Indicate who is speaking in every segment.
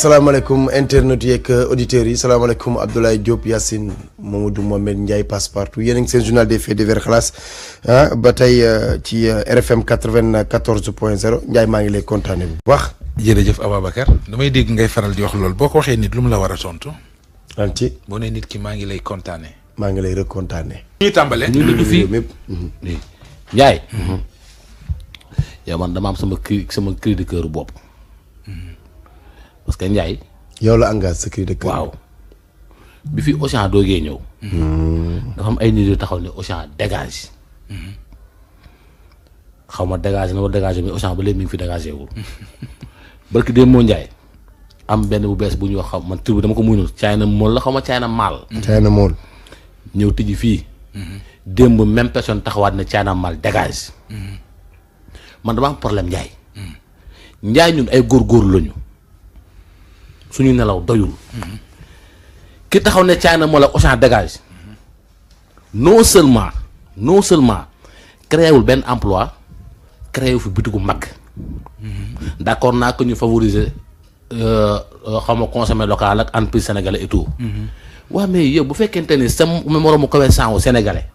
Speaker 1: Assalamualaikum internet yek auditeur yi assalamualaikum Abdoulaye Diop yassine Mamadou Mohamed Ndiaye passe partout sen journal des faits de xalaas ah ba batay euh, ci euh, RFM 94.0 point 0 Ndiaye maa ngi lay kontaane bu
Speaker 2: yene jeuf ababakar damay deg ngay faral di wax lol boko waxe nit lum la wara a tontu. am ci
Speaker 1: nit ki maa ngi lay kontaane.
Speaker 2: maa ngi lay ni tambalé ni fi ni Ndiaye. ya man dama am sama sama cri cœur bop te Ndiaye. yow la anga secret de cœur waaw bi fi Océan doogee ñëw. Hmm. dafa am ay nit yu taxaw ni Océan dégage. Hmm. xaw ma dégagé na wala dégagé mais Océan ba lé mi fi dégagé wul. barki dé mo Ndiaye am benn bu bes bu ñu xam man tribu dama ko muñu China Mall la xawma China mal hmm. China Mall. ñëw tijji fii. démb même personne taxawat na China mal dégage. man dama am problème Ndiaye. Ndiaye ñun ay gor gor lañu. suñu nelaw doyul ki taxaw ne China moo la Auchan dégage non seulement non seulement créé wul benn emploi créé wu fi bitigu mag d' accord naa ko ñu favoriser euh, euh, xaw ma consommer local ak entreprise sénégalais et tout waaw mais yow bu fekkente ni sa moromu commerçant wu sénégalais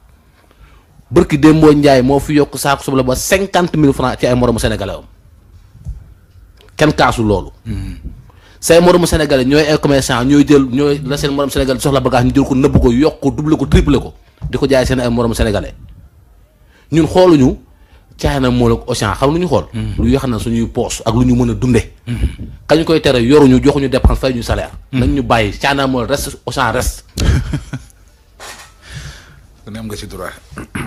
Speaker 2: bërki Dembo Ndiaye moo fi yokk saako soble ba cinquante mille francs ci ay moromu sénégalais am kenn kaasu loolu say morom senegal ñoy ay commerçant ñoy jël ñoy la sen morom senegal soxla bagax ñu jël ko neub ko yok ko double ko triple ko diko jaay sen ay morom senegalais ñun xoluñu china mo lok ocean xam nuñu xol lu yo xamna hmm. suñu poste ak luñu mëna dundé hmm. kañ koy téré yoruñu joxuñu dépense fay ñu salaire hmm. nañ ñu bayyi china mo reste ocean reste dañ am nga ci droit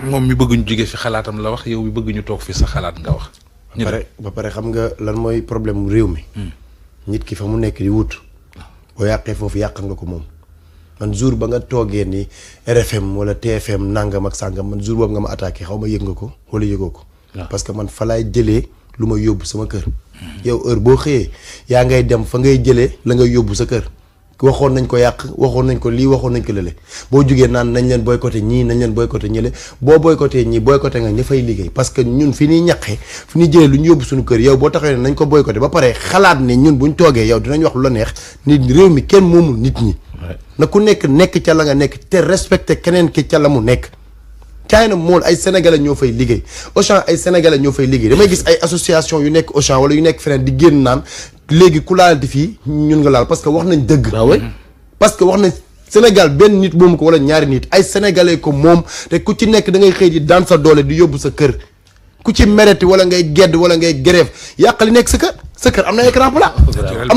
Speaker 2: mom mi bëgg ñu jogé fi xalaatam la wax yow mi bëgg ñu tok fi sa xalaat nga wax
Speaker 1: ba paré ba paré xam nga lan moy problème réew mi nit ki fa mu nekk di wut boo yàqee foofu yàqal nga ko moom man jour ba nga toogee ni RFM wala TFM nangam ak sàngam man jour boobu nga ma attaqué xaw ma yëg nga ko wala yëgoo ko parce que man fa laay jëlee lu ma yóbbu sama kër yow heure boo xëyee yaa ngay dem fa ngay jëlee la ngay yóbbu sa kër waxoon nañ ko yak nañ ko li nañ ko lele bo nan nañ len boycotté ñi nañ len boycotté ñele bo boycotté ñi boycotté nga ñafay parce que ñun fini ñaxé fini fi de lu ñu suñu kër yow bo taxé nañ ko boycotté ba paré xalaat né ñun buñ toggé yow dinañ wax lu neex nit réew mi kenn moomul nit ñi na ku nekk nekk ci la nga nekk té respecté ki ci la mu nekk China ay sénégalais ñoo fay liggéey Auchan ay sénégalais ñoo fay liggéey gis ay association yu nekk wala yu nekk di génn léegi ku laalati fii ñun nga laal parce que wax nañ dëgg. waaw ah parce que wax nañ Sénégal benn nit moomu ko wala ñaari nit ay sénégalais ko moom te ku ci nekk da ngay xëy di daan sa doole di yóbbu sa kër. ku ci mereti wala ngay gedd wala ngay grève yàq li nekk sa kër sa kër am na ay écran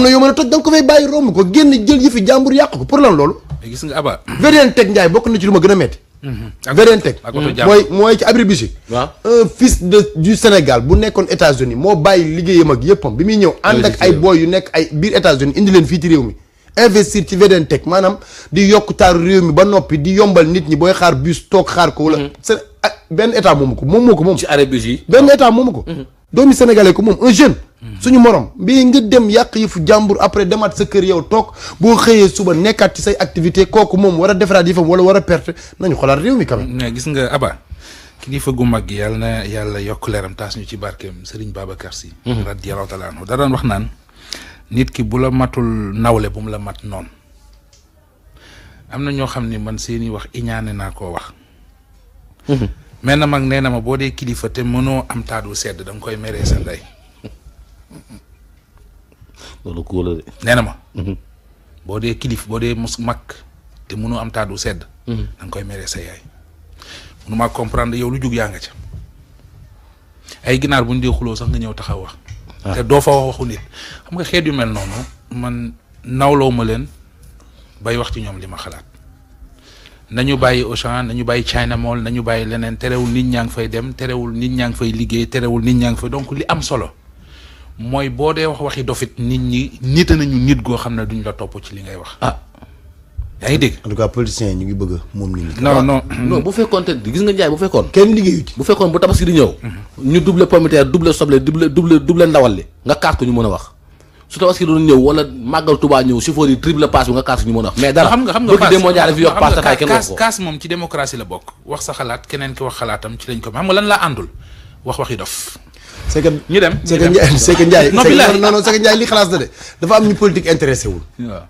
Speaker 1: na yoo mën a toj da nga ko fay bàyyi romb ko génn jël fi jàmbur yàq ko pour lan loolu. gis nga Aba. VDN Tech bokk na ci lu ma gën a metti Verentech mm-hmm. mooy mooy ci abribus waaw un fils du Sénégal bu nekkoon États-Unis moo bàyyi liggéeyam ak yëppam bi muy ñëw ànd ak ay boy yu nekk ay biir États-Unis indi leen fii ci réew mi investir ci Verentech maanaam di yokk taaru réew mi ba noppi di yombal nit ñi booy xaar bus toog xaar ko wala mm-hmm. ak ah, benn état moomu ko moom moo ko moom. ci arabes yi benn état moomu ko. Mhm. doomi sénégalais ko moom un jeune. Mhm. suñu morom bii nga dem yàq fu jàmbur après demaat sa kër yow toog boo xëyee suba nekkaat ci say activité kooku moom war a defaraat yëfam wala war a perte nañu xoolaat réew mi quand même.
Speaker 2: mais gis nga Aba ki kilifa gu mag yàlla na yàlla yokk leeram taas ñu ci barkeem Serigne Babacar Sy. Mhm. radiyallahu taala anhu da daan wax naan nit ki bu la matul nawle bu mu la mat noonu am na ñoo xam ne man seeni wax iñaane naa koo wax. Mhm. mais na mag nee na ma boo dee kilifa te mënoo am taadu sedd da nga koy meree sa ndey. loolu ku la mhm. dee kilif boo dee mos mag te mënoo am taadu sedd. Mhm. koy meree sa yaay. mënu maa comprendre yow lu jóg yaa nga ca. ay ginaar bu ñu dee xuloo sax nga ñëw taxaw wax. Ah. te doo fa wax waxu nit. xam nga xeet yu mel noonu man nawloo ma leen bay wax ci ñoom li ma xalaat. nañu bàyyi Auchan nañu bàyyi China Mall nañu bàyyi leneen terewul nit ñaa ngi fay dem terewul nit ñaa ngi fay liggéey terewul nit ñaa ngi fay donk li am solo mooy boo dee wax waxi dofit nit ñi nite nañu nit goo xam ne duñu la topp ci li ngay wax. ah
Speaker 1: yaa ngi dégg. en tout cas ñu ngi bëgg moom nit ñi. non ah. non non bu
Speaker 2: fekkoon te gis nga jaay bu fekkoon. kenn liggéeyu ci. bu fekkoon bu tabaski di ñëw. Mhm. ñu double pomme de terre double soble double double double ndawal li nga kaas ko ñu mën a wax. su tabaski doon ñëw wala màggal Tuubaa ñëw chauffeur yi triple pass bi nga kaas ñu mën a wax mais dara xam nga xam nga pass moo ñaare fi yokk pass tataay kenn wax ko kaas moom ci démocratie la bokk wax sa xalaat keneen ki wax xalaatam ci lañ ko ñu dem
Speaker 1: c'est que Ndiaye c'est que Ndiaye non non c'est que am ñu politique intéressé wul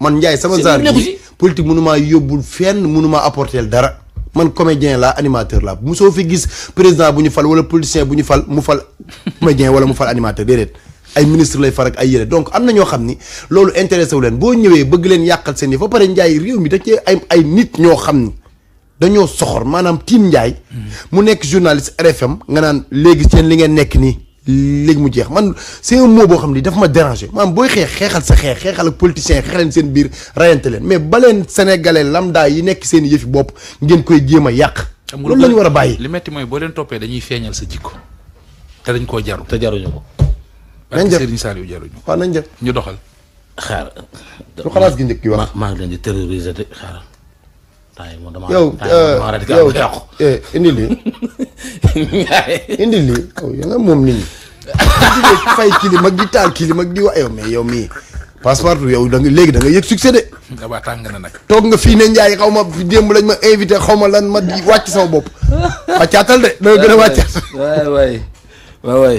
Speaker 1: man Ndiaye sama genre bi politique mënumaa yóbbul fenn mënumaa apporter dara man comédien laa animateur la soo fi gis président bu ñu fal wala politicien bu ñu fal mu fal comédien wala mu fal animateur déedéet ay ministre lay far ak ay yére donc am na ñoo xam ni loolu intéressé wu leen boo ñëwee bëgg leen yàqal seen yi fa pare njaay réew mi da cee ay nit ñoo xam ni dañoo soxor maanaam tiim njaay mu nekk journaliste RFM nga naan léegi seen li ngeen nekk nii léegi mu jeex man c'est un boo xam ni dafa ma dérangé maanaam booy xeex xeexal sa xeex xeexal ak politiciens yi seen biir rayante leen mais baleen sénégalais lambda yi nekk seen yëfi bopp ngeen koy jéem a yàq. loolu la ñu war a bàyyi.
Speaker 2: li metti mooy boo leen toppee dañuy feeñal sa jikko te dañ koo jaru te jaruñu ko. nañ jëf Serigne Saliou jaruñu waaw nañ jëf ñu doxal xaar lu gi njëkk yi wax maa ngi leen di terroriser de xaar
Speaker 3: taay moom dama yow yow
Speaker 1: eh, indi lii indi lii yow nga moom nit ñi fay kilim ak di taal kilim ak di wax yow mais yow mii Passepartout yow da léegi da nga yëg succès de.
Speaker 2: daba nag.
Speaker 1: toog nga fii ne Ndiaye xaw ma démb lañ ma invité xaw ma lan ma wàcc sama bopp wàccaatal de. da gën a wàccaat
Speaker 2: waay waay waay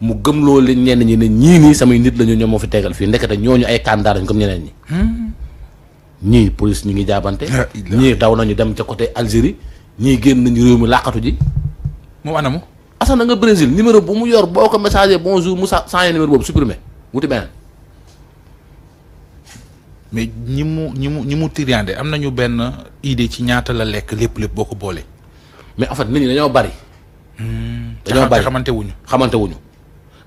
Speaker 2: mu gëm loo leen ñenn ñi ne ñii nii samay nit la ñu ñoom moo fi tegal fii ndekete ñooñu ay kàndaar lañ comme ñeneen ñi. ñii police ñu ngi jaabante. ñii daw nañu dem ca côté Algérie ñii génn nañu réew mi làqatu ji. moom anamu. Assane nga Brésil numéro bu mu yor boo ko messager bonjour Moussa changé numéro boobu supprimé wuti beneen. mais ñi mu ñi mu ñi mu tiriande am nañu benn idée ci ñaata la lekk lépp lépp boo ko boolee. mais en fait nit ñi dañoo bari.
Speaker 4: Hmm.
Speaker 2: dañoo bari xamante wuñu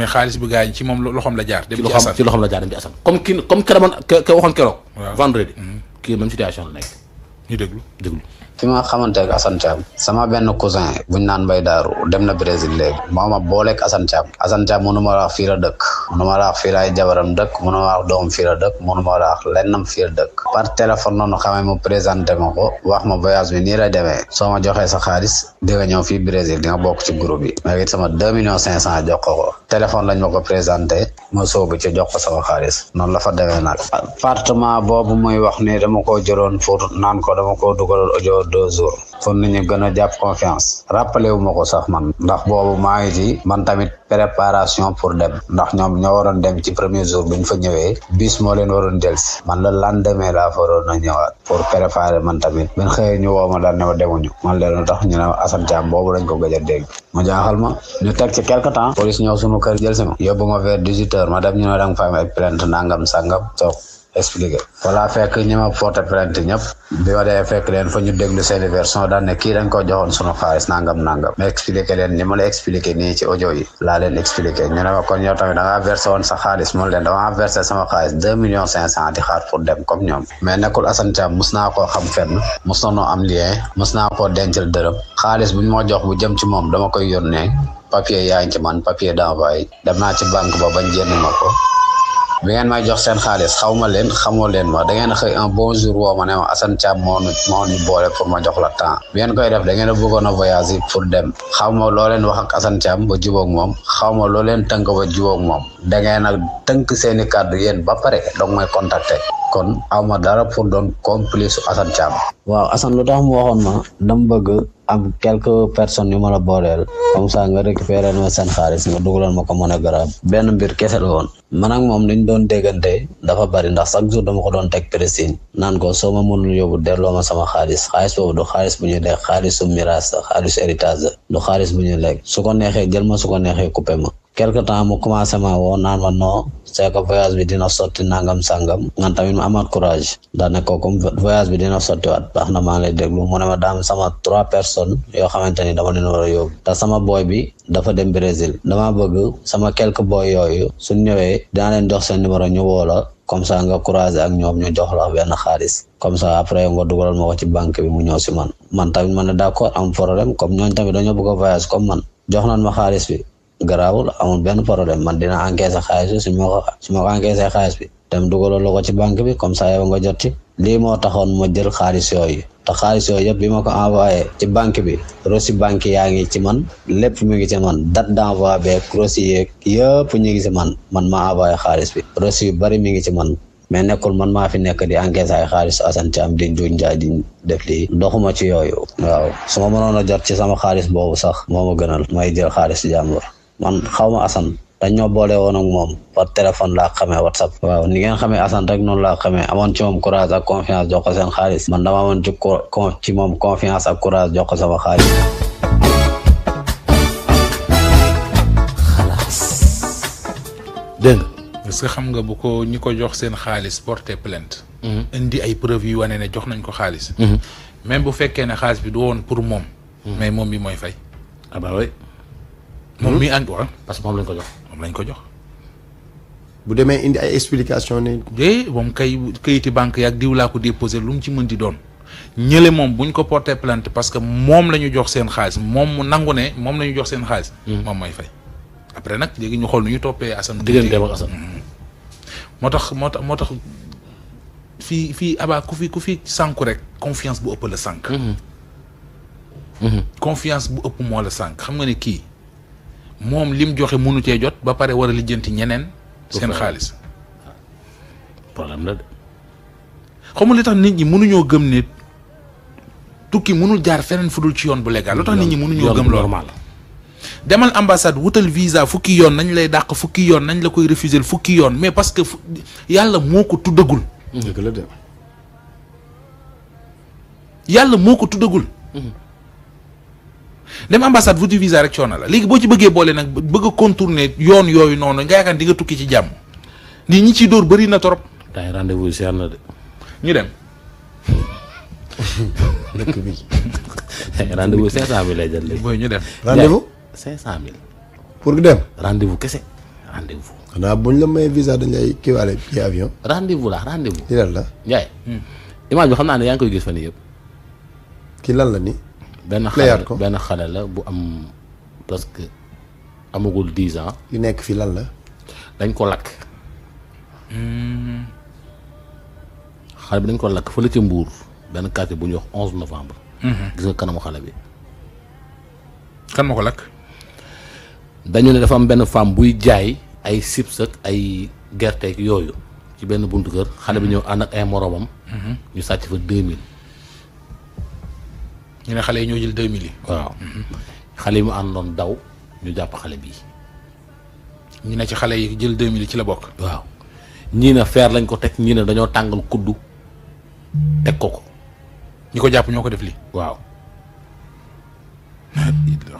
Speaker 2: mais xaalis bi gars yi ci moom loxoom la jaar. dem ci Assane ci loxoom la jaar dem ci
Speaker 5: Assane comme ki comme keroog waxoon keroog. vendredi. Mm-hmm. kii même situation la nekk. ñu déglu déglu. fi ma xamante ak Assane Thiam sama benn cousin buñ naan Mbay Daaru na Brésil léegi moo ma booleeg Assane Thiam Assane Thiam mënu ma wax fii la dëkk mënu ma wax fii laay jabaram dëkk mënu ma wax doom fii la dëkk mënu ma wax lennam par téléphone noonu xamee mu présenté ma ko wax ma voyage bi nii lay demee soo ma sa xaalis di nga ñëw Brésil di nga ci groupe bi ma ngi sama deux millions cinq cent jox ko téléphone lañ ma présenté ma soobu ci jox ko sama xaalis noonu la fa demee nag appartement deux jours fon nañu gën a jàpp confiance rappelé wu ma ko sax man ndax boobu maa ngi ci man tamit préparation pour dem ndax ñoom ñoo waroon dem ci premier jour bi ñu fa ñëwee bis moo leen waroon delsi man la lendemain laa fa waroon a ñëwaat pour préparer man tamit ben xëyee ñu woo ma daan ne ma demuñu man leen tax ñu ne Assane Thiam boobu lañ ko gëj a dégg ma jaaxal ma ñu teg ci quelque temps police ñëw sunu kër jël ma yóbbu ma vers dix ma dem ñu ne danga fa plainte nangam expliqué voilà fekk ñi ma porté plainte ñëpp bi ma dee fekk leen fo ñu déglu seeni version daan ne kii dañ ko joxoon sunu xaalis nangam nangam ma expliqué leen ni ma la expliqué nii ci audio yi laa leen ne ma kon yow tamit da ngaa sa xaalis mun leen dama versé sama xaalis deux millions cinq cent di xaar pour dem comme ñoom mais nekkul Assane Thiam mus naa koo xam fenn mus na noo am lien mus naa koo dencal dërëm xaalis bu ñu ma jox bu jëm ci moom dama koy yónnee papier yaa ngi ci man papier d'envoi dem naa ci banque ba bañ jénn ma ko bi ngeen may jox seen xaalis xaw ma leen xamoo leen ma da ngeen a xëy un bon jour woo ma ne ma Assane Thiam moo pour ma jox la temps bi koy def da ngeen a bëggoon a voyage pour dem xaw ma loo leen wax ak Assane Thiam ba jubóog moom xaw ma loo leen tënk ba jubóog moom da ngeen a tënk seeni kàddu yéen ba pare donc may contacter. kon awma dara pour doon complice Assane Thiam
Speaker 4: waaw Assane lu tax mu waxoon ma dama bëgg am quelques personnes yu ma la booleel comme ça nga récupérer ma seen xaalis nga dugaloon ma ko monogram benn mbir kese la woon man ak moom liñ doon déggante dafa bari ndax chaque jour dama ko doon teg pressing naan ko soo ma mënul yóbbu delloo ma sama xaalis xaalis boobu du xaalis bu ñuy lekk xaalisu miraas la xaalisu héritage du xaalis bu ñuy lekk su ko neexee jël ma su ko neexee coupé ma quelque temps mu commencé ma woo naan ma non c'est voyage bi dina sotti nangam sangam man tamit ma amaat courage daal ne ko voyage bi dina sottiwaat baax na maa ngi lay déglu mu ne ma daam sama trois personnes yoo xamante ni dama leen war a yóbbu te sama boy bi dafa dem Brésil dama bëgg sama quelque boy yooyu su ñëwee dinaa leen jox seen numéro ñu woo la comme ça nga courage ak ñoom ñu jox la benn xaalis comme ça après nga dugalal ma ci banque bi mu ñëw si man man tamit ma ne d'accord am problème comme ñooñu a comme man jox nañ ma xaalis bi garaawul amul benn problème man dina encaissé xaalis bi su ma ko ma ko encaissé xaalis bi dem dugaloo ko ci banque bi comme ça yow nga jot ci lii moo taxoon jël xaalis yooyu te xaalis yooyu yëpp bi ma ko envoyé ci banque bi reçu banque yaa ngi ci man lépp mu ngi ci man date d'envoi beeg reçu yeeg yëpp ñu ngi man man ma envoyé xaalis bi reçu yu bari mi ngi ci man mais nekkul man maa fi nekk di encaissé ay xaalis Assane Thiam di njuuñ njaay di def lii doxuma ci yooyu waaw su ma mënoon jot ci sama xaalis boobu sax moo ma gënal may jël xaalis jàmbur man xaw ma Assane dañ ñoo boole woon moom par téléphone laa xamee whatsapp waaw ni ngeen xamee Assane rek noonu laa xamee amoon ci moom courage ak confiance jox ko xaalis man dama amoon ci ci moom confiance ak courage jox ko sama xaalis dégg nga
Speaker 2: parce que xam nga bu ko ñi ko jox seen xaalis porter plainte mhm. indi ay preuve yu wane ne jox nañ ko xaalis mhm. même bu fekkee ne xaalis bi du woon pour moom mhm. mais moom bi mooy fay ah,
Speaker 4: moom mi hmm? ànd waaw
Speaker 2: parce que lañ ko jox moom lañ ko jox bu demee indi ay explication ne moom kay kayiti banque yaag diw laa ko lu mu ci mën di doon ñële moom buñ ko porté plainte parce que moom la ñu jox seen xaalis moom mu nangu ne moom la ñu jox seen xaalis hmm. moom mooy fay après nag léegi ñu xool nu ñu toppee Assane digganteem ak Assane hmm. moo tax moo tax moo tax fii fii abaa ku fi ku fi sànku rek confiance bu ëpp la sànk confiance bu ëpp moo la sànk xam nga ne kii moom lim joxe mënu cee jot ba pare war a lijjanti ñeneen. seen xaalis. problème la de. xamul li tax nit ñi mënuñoo gëm nit tukki mënul jaar feneen fu dul ci yoon bu légal. lu tax nit ñi mënuñoo gëm loolu demal ambassade wutal visa fukki yoon nañ lay dàq fukki yoon nañ la koy refuser fukki yoon mais parce que yàlla moo ko tuddagul. la de. yàlla moo ko tuddagul. Mhm. dem ambassade wuti visa rek coono la léegi boo ci bëggee boole nag bëgg a contourner yoon yooyu noonu nga yaakaar di nga tukki ci jàmm nit ñi ciy dóor bëri na trop. daañu rendez-vous seer na de. ñu dem. dëkk bi. rendez-vous 500000 lay jël léegi. booy ñu dem rendez-vous. 500000.
Speaker 1: pour dem. rendez-vous kese rendez-vous. xanaa buñ la may visa dañ lay kiiwaale ci avion.
Speaker 2: rendez-vous la rendez-vous. ci la. Ndiaye. Hmm. ma bi xam naa ne yaa ngi koy gis fan yii ki lan la ni benn xale benn xale la bu am presque amagul dix ans.
Speaker 1: li nekk fi lan la.
Speaker 2: dañ ko lakk. xale bi dañ ko lakk fële ca Mbour benn quartier bu ñuy wax onze novembre. Mhm. gis nga kanamu xale bi. kan ma ko lakk. dañu ne dafa am benn femme buy jaay ay chips ay gerteeg yooyu ci benn buntu kër xale bi mhm. ñëw ànd ak ay moromam. Mhm. ñu sàcc fa ñu ne xale yi ñoo jël deux mille yi. waaw mhm. xale yi mu àndoon daw ñu jàpp xale bii. ñu ne ci xale yi jël deux mille ci la bokk. waaw ñii na feer lañ ko teg ñii na dañoo tàngal kuddu teg ko ko. ñi ko jàpp ñoo ko def lii. waaw.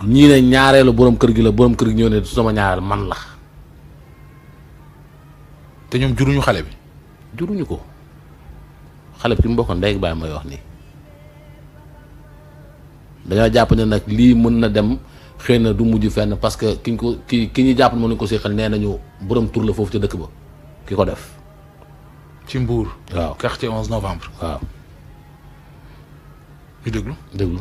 Speaker 2: ñii ne ñaareelu borom kër gi la borom kër gi ñëw ne sama ñaareel man la. te ñoom juruñu xale bi. juruñu ko xale bi ki mu bokkoon ndey ak baay may wax nii. dañoo jàpp ne nag lii mën na dem xëy na du mujj fenn parce que kiñ ko ki ki ñu jàpp ne mënuñ ko seexal nee nañu borom tur la foofu ca dëkk ba ki ko def. ci mbuur waaw quartier 11 novembre. waaw. ñu déglu déglu.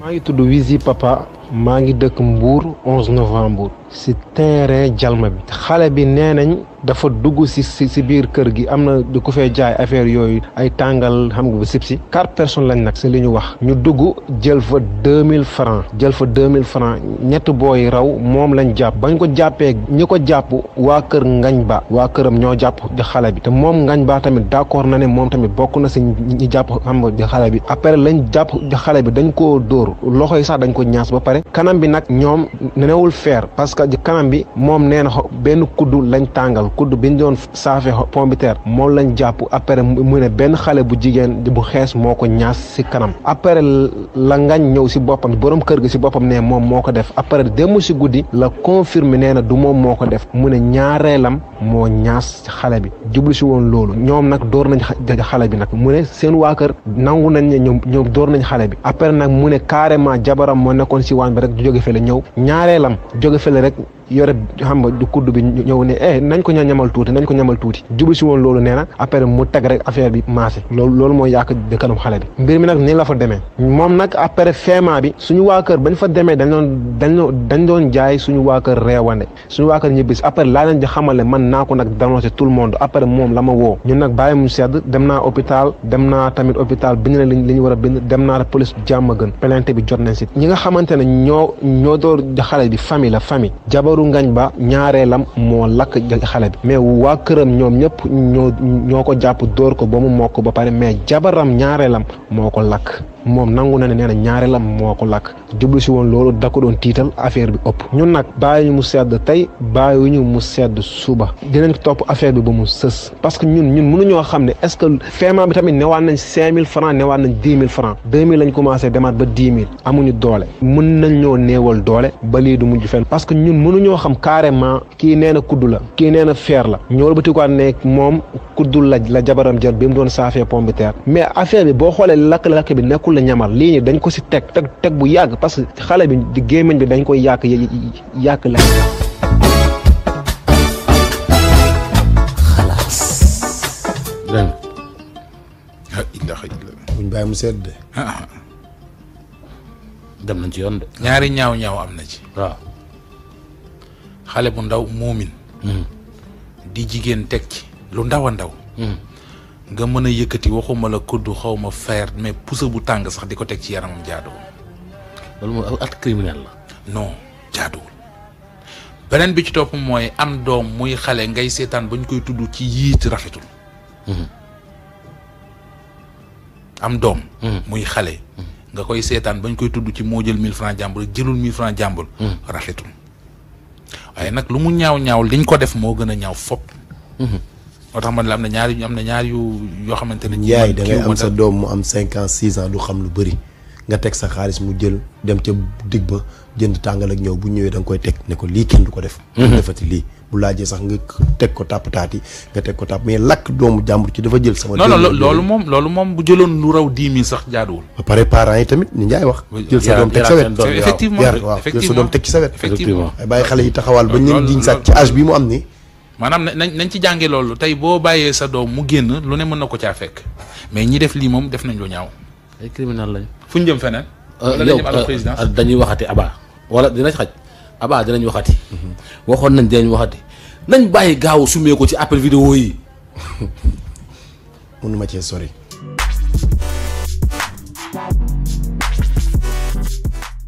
Speaker 3: maa ngi tudd Wizi Papa maa ngi dëkk Mbour 11 novembre. si terrain jalma bi xale bi nee nañ dafa dugg si si si biir kër gi am na di ko fee jaay affaire yooyu ay tàngal xam nga ba si quatre personnes lañ nag si li ñu wax ñu dugg jël fa deux mille francs jël fa deux mille francs ñett booy raw moom lañ jàpp bañ ko jàppee ñu ko jàpp waa kër ngañ ba waa këram ñoo jàpp di xale bi te moom ngañ ba tamit d'accord na ne moom tamit bokk na si ñi jàpp xam nga xale bi après lañ jàpp di xale bi dañ koo dóor loxo yi sax dañ ko ñaas ba pare kanam bi nag ñoom que kanam bi mom neena na kuddu lañ tangal kuddu biñ doon saafe pombiteer moom lañ japp après mu ne ben xalé bu jigéen bu xess moko ñaas ci kanam après la ngañ ñew si bopam borom kër gi ci bopam ne mom moko def après démb si guddi la confirmer neena na du mom moko def mu ne ñaareelam mo ñaas xalé bi jublu ci won lolu ñom nak door nañ xalé bi nak mu ne seen wa kër nangu nañ ñom ñom door nañ xalé bi après nak mu ne carrément jabaram mo nekkon ci bi rek fele fele Correcto. yore xam nga kudd bi ñëw ne eh, nañ ko ña ñamal tuuti nañ ko ñamal tuuti jublu si woon loolu nee na après mu teg rek affaire bi maase loolu loolu mooy yàq de kanam xale bi mbir mi nag nii la fa demee moom nag après feemaa bi suñu waa kër bañ fa demee dañ doon dañ dañ doon jaay suñu waa kër reewande suñu waa kër ñibbis après laa leen di xamale man naa ko nag dénoncé tout le monde après moom la ma woo ñun nag bàyyi mu sedd dem naa hôpital dem naa tamit hôpital bind na li ñu war a bind dem naa police jàmm gën plainte bi jot nañ si ñi nga xamante ne ñoo ñoo door xale bi famille la Modou Ngagne Ba ñaareelam moo lakk xale bi mais waa këram ñoom ñëpp ñoo ñoo ko jàpp dóor ko ba mu mokk ba pare mais jabaram ñaareelam moo ko lakk moom nangu na ne nee na ñaareelam moo ko lakk jublu si woon loolu da doon tiital affaire bi ëpp ñun nag bàyyi ñu mu sedd tey bàyyi ñu mu sedd suba dinañ topp affaire bi ba mu sës parce que ñun ñun mënuñoo xam ne est-ce que paiement bi tamit newaan nañ cinq mille francs newaan nañ dix mille francs deux mille lañ commencé demaat ba doole mën nañ ñoo néewal doole ba lii du mujj fenn parce que ñun mënuñoo xam carrément kii nee na la kii nee na feer la ñoo batikuwaat ne moom kudd la la jabaram jël bi mu doon saafee pomme mais affaire bi boo xoolee lakk lakk bi nekkul a ñamal lii nii dañ ko si teg teg teg bu yàgg parce que xale bi di gémmiñ bi dañ koy yàq yàq la xalaas. mu sedd ah, ah.
Speaker 2: dem nañ ci yoon de. ñaari ñaaw ñaaw am na ci. xale bu ndaw muumin. Hmm. di jigéen teg ci. lu ndaw ndaw. Hmm. nga mën a yëkkati waxuma la kudd xaw ma fer mais pusa bu tàng sax di ko teg ci yaramam jaaduwul. loolu mooy acte criminel la. non jaaduwul beneen bi ci topp mooy am doom muy xale ngay seetaan ba ñu koy tudd ci yiit rafetul. Mhm. am doom. Mhm. muy xale. Mhm. nga koy seetaan bañ koy tudd ci moo jël mille francs jàmbur jëlul mille francs jàmbur. rafetul waaye nag lu mu ñaaw ñaaw liñ ko def moo gën a ñaaw fopp. moo tax man am na ñaari am na ñaari yu yoo xamante ne. yaay da ngay am sa
Speaker 1: doom mu am cinq ans six ans du xam lu bëri nga teg sa xaalis mu jël dem ca digg ba jënd tàngal ak ñëw bu ñëwee da koy teg ne ko lii du ko def. Mhm. defati lii bu laajee sax nga teg ko tàpp taati nga teg ko tàpp mais lakk doomu jàmbur ci dafa jël. sama non loolu
Speaker 2: moom loolu moom bu jëloon lu raw dix mille sax jaaduwul.
Speaker 1: ba pare parents yi tamit ni wax. jël sa doom teg ci sa wet. bàyyi xale yi taxawaal ba ñu leen jiñ sax ci âge bi mu am ni
Speaker 2: maanaam nañ nañ ci jànge loolu tey boo bàyyee sa doom mu génn lu ne mën na ko caa fekk mais ñi def lii moom def nañ lu ñaaw. ay criminel lañu. fu ñu jëm feneen. Euh, yow euh, euh, dañuy waxati Aba wala dina ci xaj Aba dinañ waxati. Mhm. waxoon nañ dinañ waxati nañ bàyyi gaaw summee ko ci appel vidéo
Speaker 1: yi. mënuma cee sori.